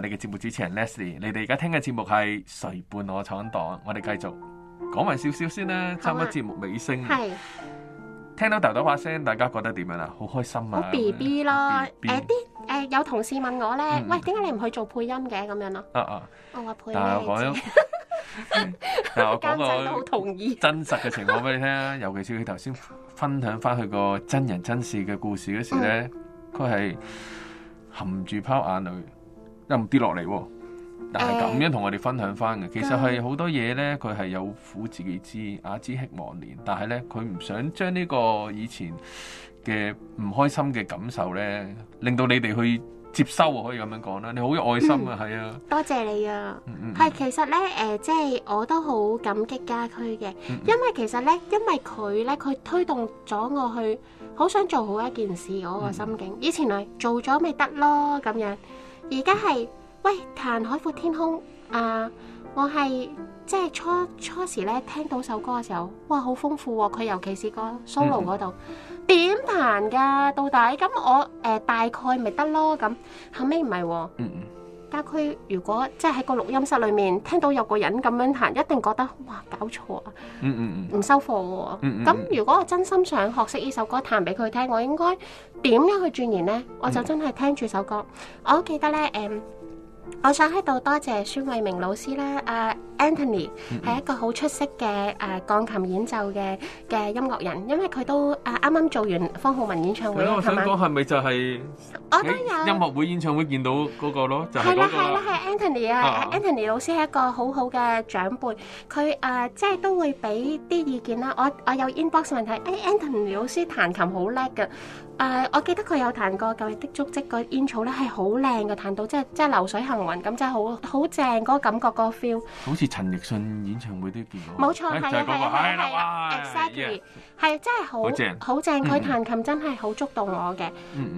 我哋嘅節目主持人 Leslie，你哋而家聽嘅節目係誰伴我闖蕩，我哋繼續講埋少少先啦，差唔多節目尾聲。係、啊、聽到豆豆把聲，大家覺得點樣啦？好開心啊！好 B B 咯，誒啲誒有同事問我咧，嗯、喂，點解你唔去做配音嘅咁樣咯、啊？啊啊！我話配音但係我講，但我講 [LAUGHS] 個好同意真實嘅情況俾你聽啊！尤其是佢頭先分享翻佢個真人真事嘅故事嗰時咧，佢係、嗯、含住拋眼淚。又唔跌落嚟喎，但係咁樣同我哋分享翻嘅，其實係好多嘢咧，佢係有苦自己知，啞仔食黃連，但係咧佢唔想將呢個以前嘅唔開心嘅感受咧，令到你哋去接收啊，可以咁樣講啦。你好有愛心啊，係啊，多謝你啊，係其實咧，誒，即係我都好感激家駒嘅，因為其實咧，因為佢咧，佢推動咗我去，好想做好一件事，我個心境，以前係做咗咪得咯，咁樣。而家係喂彈海闊天空啊！我係即係初初時咧聽到首歌嘅時候，哇好豐富喎、哦！佢尤其是個 solo 嗰度點彈㗎？到底咁我誒、呃、大概咪得咯，咁後尾唔係嗯嗯。 [NOISE] 家佢如果即係喺個錄音室裏面聽到有個人咁樣彈，一定覺得哇，搞錯啊！嗯嗯唔、嗯、收貨喎。嗯咁、嗯嗯、如果我真心想學識呢首歌彈俾佢聽，我應該點樣去轉言呢？我就真係聽住首歌。嗯、我記得咧，誒、嗯，我想喺度多謝孫慧明老師啦，阿、啊。Anthony 係一個好出色嘅誒鋼琴演奏嘅嘅音樂人，因為佢都誒啱啱做完方浩文演唱會。我想講係咪就係我都有音樂會演唱會見到嗰個咯？就係啦，係啦，係 Anthony 啊！Anthony 老師係一個好好嘅長輩，佢誒即係都會俾啲意見啦。我我有 inbox 問題，誒 Anthony 老師彈琴好叻㗎，誒我記得佢有彈過舊日的足跡嗰煙草咧，係好靚嘅，彈到，即係即係流水行雲咁，真係好好正嗰個感覺個 feel，好似。陳奕迅演唱會都見過，冇錯，係啊，係啊，係啊，exactly 係真係好好正，佢彈琴真係好觸動我嘅。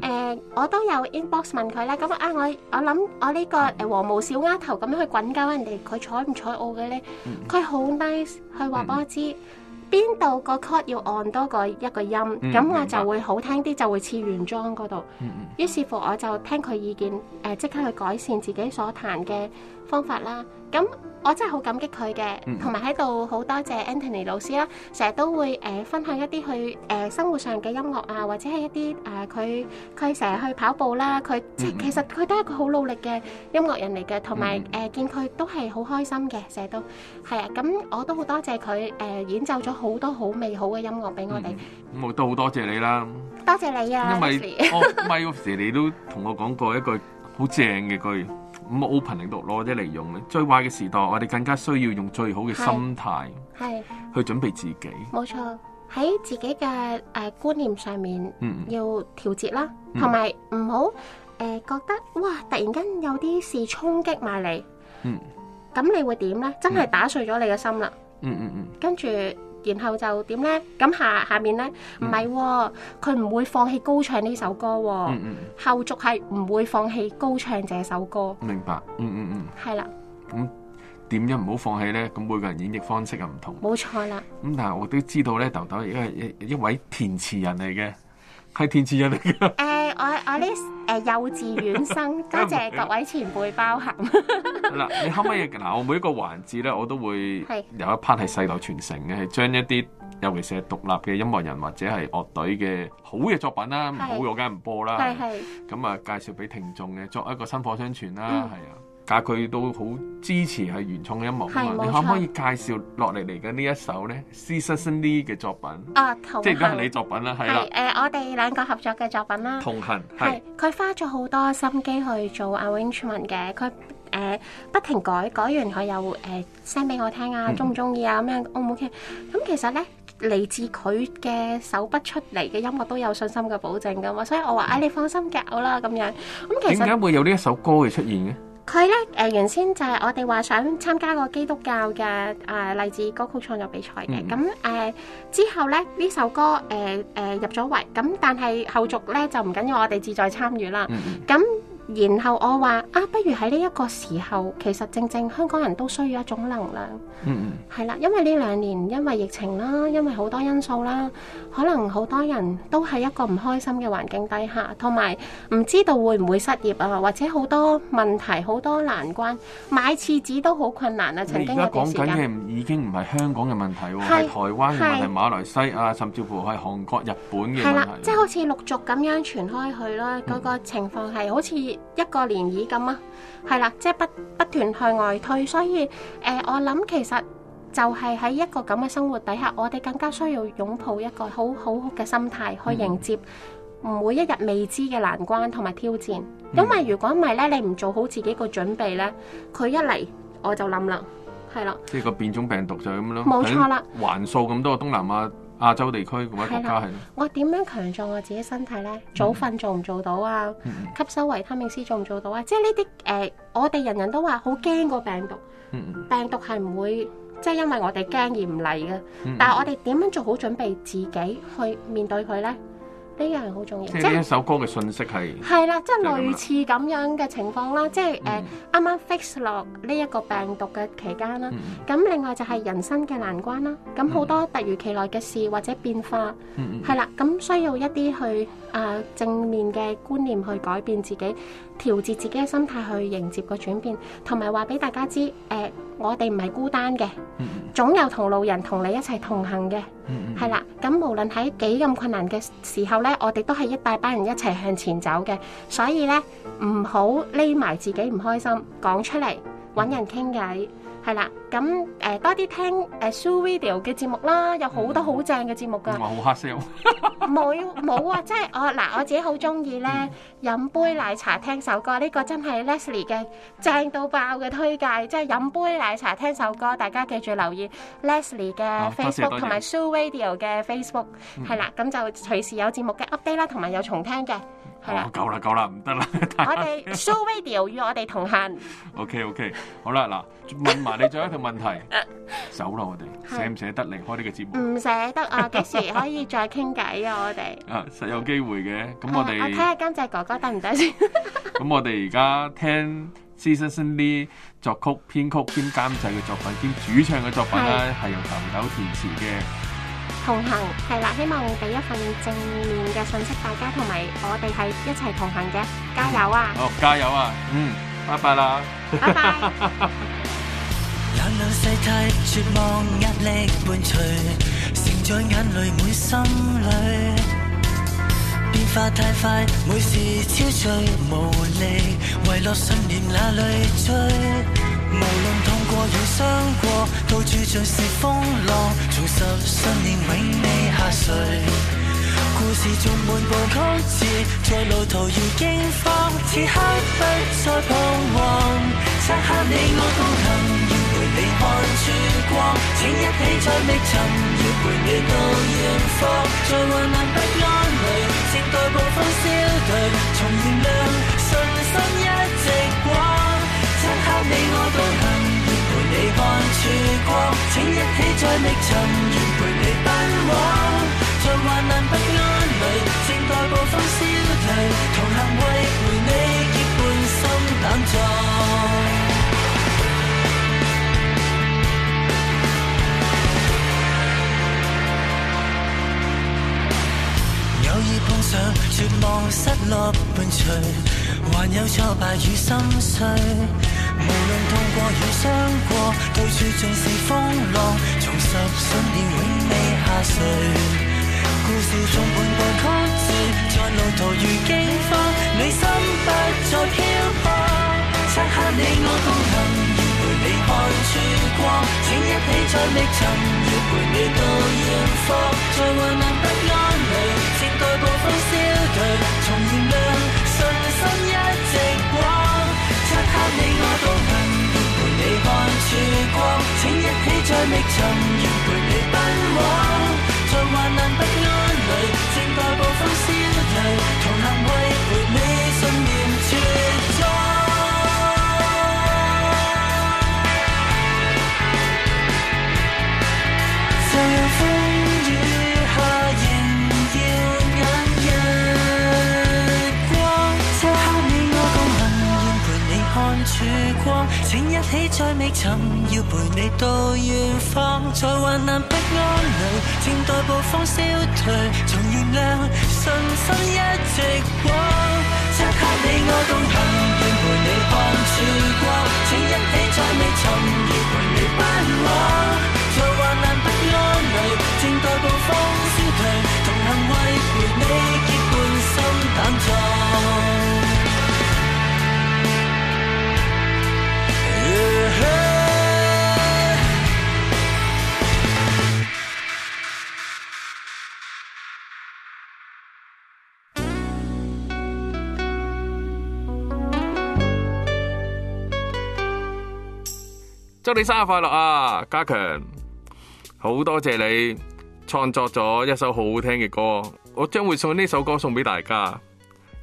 誒，我都有 inbox 問佢啦。咁啊，我我諗我呢個誒黃毛小丫頭咁樣去滾鳩人哋，佢睬唔睬我嘅咧？佢好 nice 去話俾我知邊度個 chord 要按多過一個音，咁我就會好聽啲，就會似原裝嗰度。於是乎我就聽佢意見，誒即刻去改善自己所彈嘅方法啦。咁我真係好感激佢嘅，同埋喺度好多謝 Anthony 老師啦，成日都會誒分享一啲佢誒生活上嘅音樂啊，或者係一啲誒佢佢成日去跑步啦，佢即係其實佢都係一個好努力嘅音樂人嚟嘅，同埋誒見佢都係好開心嘅，成日都係啊！咁我都好多謝佢誒演奏咗好多好美好嘅音樂俾我哋，咁我都好多謝你啦，多謝你啊！因為我咪嗰時你都同我講過一句好正嘅句。咁 open 嚟度攞啲嚟用咧，最壞嘅時代，我哋更加需要用最好嘅心態，係去準備自己。冇錯，喺自己嘅誒觀念上面，嗯，要調節啦，同埋唔好誒覺得哇，突然間有啲事衝擊埋嚟，嗯，咁你會點咧？真係打碎咗你嘅心啦，嗯嗯嗯，跟住。然後就點咧？咁下下面咧，唔係、嗯，佢唔、喔、會放棄高唱呢首歌、喔。嗯嗯，後續係唔會放棄高唱這首歌。明白，嗯嗯嗯，係啦。咁點、嗯、樣唔好放棄咧？咁每個人演繹方式啊唔同。冇錯啦。咁、嗯、但係我都知道咧，豆豆係一位填詞人嚟嘅。係天賜人嚟嘅。誒，我我呢誒幼稚園生，多謝各位前輩包涵。嗱，你可唔可以嗱？我每一個環節咧，我都會有一 part 係世代傳承嘅，係將一啲，尤其是係獨立嘅音樂人或者係樂隊嘅好嘅作品啦，唔好嘅我梗唔播啦，咁啊，介紹俾聽眾嘅，作一個薪火相傳啦，係啊、嗯。但係佢都好支持係原創嘅音樂噶嘛？你可唔可以介紹落嚟嚟緊呢一首咧？Seasonly 嘅作品啊，即係而家係你作品啦，係啦。誒，我哋兩個合作嘅作品啦。同行係佢花咗好多心機去做 arrangement 嘅，佢誒不停改，改完，佢又誒 send 俾我聽啊，中唔中意啊？咁樣 O 唔 OK？咁其實咧，嚟自佢嘅手筆出嚟嘅音樂都有信心嘅保證噶嘛，所以我話啊，你放心夾啦咁樣。咁其實點解會有呢一首歌嘅出現嘅？佢咧誒原先就係我哋話想參加個基督教嘅誒勵志歌曲創作比賽嘅，咁誒、嗯呃、之後咧呢首歌誒誒、呃呃、入咗圍，咁但係後續咧就唔緊要，我哋自在參與啦，咁、嗯。然後我話啊，不如喺呢一個時候，其實正正香港人都需要一種能量。嗯嗯，係啦，因為呢兩年因為疫情啦，因為好多因素啦，可能好多人都係一個唔開心嘅環境底下，同埋唔知道會唔會失業啊，或者好多問題、好多難關，買廁紙都好困難啊。你而家講緊嘅已經唔係香港嘅問題喎，係台灣嘅問題，馬來西亞甚至乎係韓國、日本嘅問題。係啦，即係好似陸續咁樣傳開去啦，嗰個情況係好似。嗯一個漣漪咁啊，係啦，即係不不斷去外推，所以誒，我諗其實就係喺一個咁嘅生活底下，我哋更加需要擁抱一個好好嘅心態去迎接，每一日未知嘅難關同埋挑戰。因為如果唔係咧，你唔做好自己個準備咧，佢一嚟我就冧啦，係啦。即係個變種病毒就係咁咯，冇錯啦，還數咁多個東南亞。亞洲地區咁樣國家係咯？我點樣強壯我自己身體呢？早瞓做唔做到啊？吸收維他命 C 做唔做到啊？即係呢啲誒，我哋人人都話好驚個病毒，嗯嗯，病毒係唔會即係因為我哋驚而唔嚟嘅。嗯嗯，但係我哋點樣做好準備自己去面對佢呢？呢樣係好重要，即係是是一首歌嘅信息係係啦，即係類似咁樣嘅情況啦，嗯、即係誒啱啱 fix 落呢一個病毒嘅期間啦。咁、嗯、另外就係人生嘅難關啦，咁好多突如其來嘅事或者變化，係啦、嗯，咁需要一啲去啊、呃、正面嘅觀念去改變自己。調節自己嘅心態去迎接個轉變，同埋話俾大家知，誒、呃，我哋唔係孤單嘅， [NOISE] 總有同路人同你一齊同行嘅，係啦。咁 [NOISE] 無論喺幾咁困難嘅時候呢，我哋都係一大班人一齊向前走嘅。所以呢，唔好匿埋自己唔開心，講出嚟，揾人傾偈。係啦，咁誒多啲聽誒 Show Radio 嘅節目啦，有好多好正嘅節目噶。冇黑 sell 冇冇啊！即係我嗱，我自己好中意咧飲杯奶茶聽首歌，呢個真係 Leslie 嘅正到爆嘅推介。即係飲杯奶茶聽首歌，大家記住留意 Leslie 嘅 Facebook 同埋 Show Radio 嘅 Facebook。係啦，咁就隨時有節目嘅 update 啦，同埋有重聽嘅。哦，夠啦，夠啦，唔得啦！我哋 Show Video，與我哋同行。OK，OK，、okay, okay, 好啦，嗱，問埋你最後一條問題。 [LAUGHS] 走啦，我哋捨唔捨得離開呢個節目？唔捨得啊！幾時可以再傾偈啊我？我哋 [LAUGHS] 啊，實有機會嘅。咁我哋、 [LAUGHS] 啊、我睇下監製哥哥得唔得先？咁 [LAUGHS] 我哋而家聽 c e a s l y [LAUGHS] 作曲、編曲兼監製嘅作品兼主唱嘅作品咧、啊，係由豆豆填詞嘅。同行係啦，希望俾一份正面嘅信息，大家同埋我哋係一齊同行嘅，加油啊！哦，加油啊！嗯，拜拜啦！拜拜。無論痛過與傷過，到處像是風浪，重拾信念永未下垂。故事仲滿布曲折，在路途要驚慌，此刻不再彷徨。漆黑你我同行，要陪你看曙光，請一起再覓尋，要陪你到遠方，在患難不安裏，靜待暴風消退，重燃亮信心一。你我都肯願陪你看曙光，請一起再覓尋，願陪你奔往，在患難不安裏，靜待暴風消退，同行為陪你結伴心膽壯。偶爾碰上絕望、失落伴隨，還有挫敗與心碎。無論痛過與傷過，到處盡是風浪，重拾信念永未下垂。故事中半部曲折，在路途如驚慌，你心不再漂泊。此刻你我同行，要陪你看曙光，請一起再覓尋，要陪你到遠方，再患難不安裡，風消退，重燃亮，信心一直光，漆黑你我都肯陪你看曙光。請一起再覓尋，願陪你奔往，在患難不安裏靜待暴風消退，同行為陪你。再未尋，要陪你到遠方，在患難不安裏靜待暴風消退，重燃亮信心一直往，適合 [NOISE] 你我同行，願陪你看曙光。請一起再未尋，要陪你奔往。在患難不安裏靜待暴風消退。祝你生日快樂啊，家強！好多謝你創作咗一首好好聽嘅歌，我將會送呢首歌送俾大家，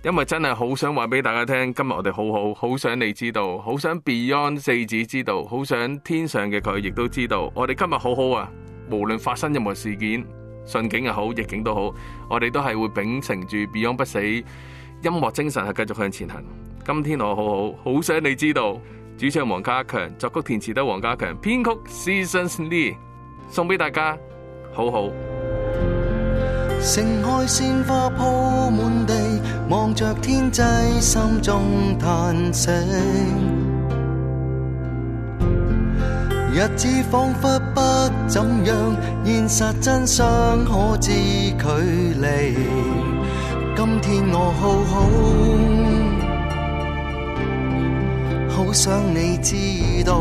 因為真係好想話俾大家聽，今日我哋好好，好想你知道，好想 Beyond 四子知道，好想天上嘅佢亦都知道，我哋今日好好啊！無論發生任何事件，順境又好，逆境都好，我哋都係會秉承住 Beyond 不死音樂精神，係繼續向前行。今天我好好，好想你知道。主唱黃家強，作曲填詞得黃家強，編曲 Seasons Lee，送俾大家，好好。盛開鮮花鋪滿地，望着天際，心中嘆息。日子仿佛不怎樣，現實真相可知距離。今天我好好。好想你知道，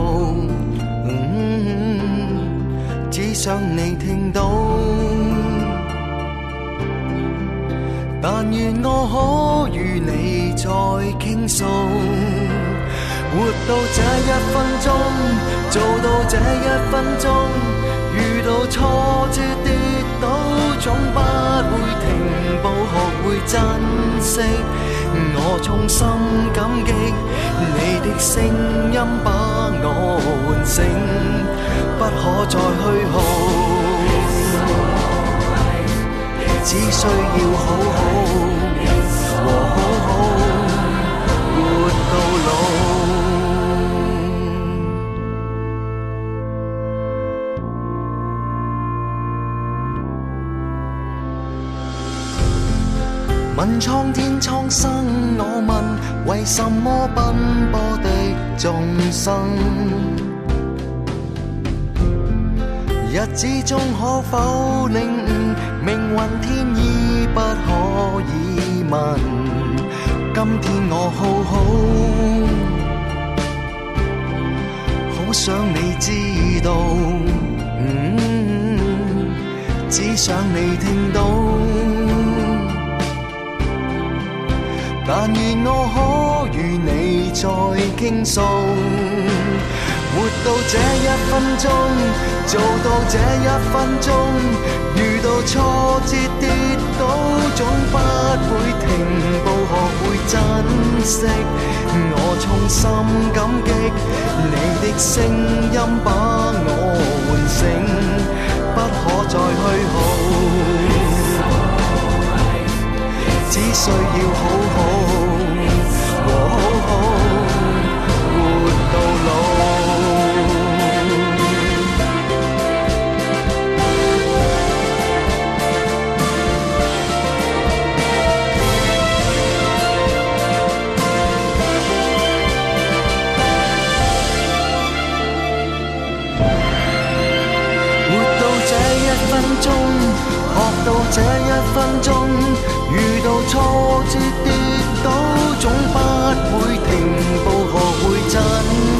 嗯，只想你聽到。但願我可與你再傾訴，活到這一分鐘，做到這一分鐘，遇到挫折跌倒，總不會停步，學會珍惜。我衷心感激你的聲音把我喚醒，不可再虛耗，只需要好好、right. 和好好。生我問為什麼奔波的眾生，日子中可否領悟命運天意不可以問。今天我好好，好想你知道、嗯，只想你聽到。」但願我可與你再傾訴，活到這一分鐘，做到這一分鐘，遇到挫折跌倒總不會停步，學會珍惜。我衷心感激你的聲音把我喚醒，不可再虛耗。只需要好好和好好活到老，活到這一分鐘，學到這一分鐘。遇到挫折跌倒，總不會停步，學會珍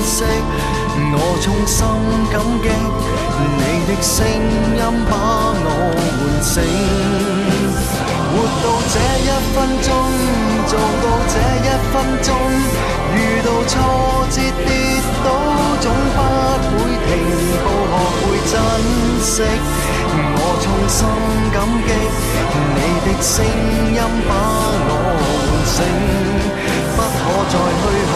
惜，我衷心感激你的聲音把我喚醒。到這一分鐘，做到這一分鐘，遇到挫折跌，跌倒總不會停步，學會珍惜，我衷心感激你的聲音把我喚醒，不可再虛耗，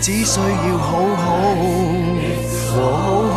只需要好好和好好。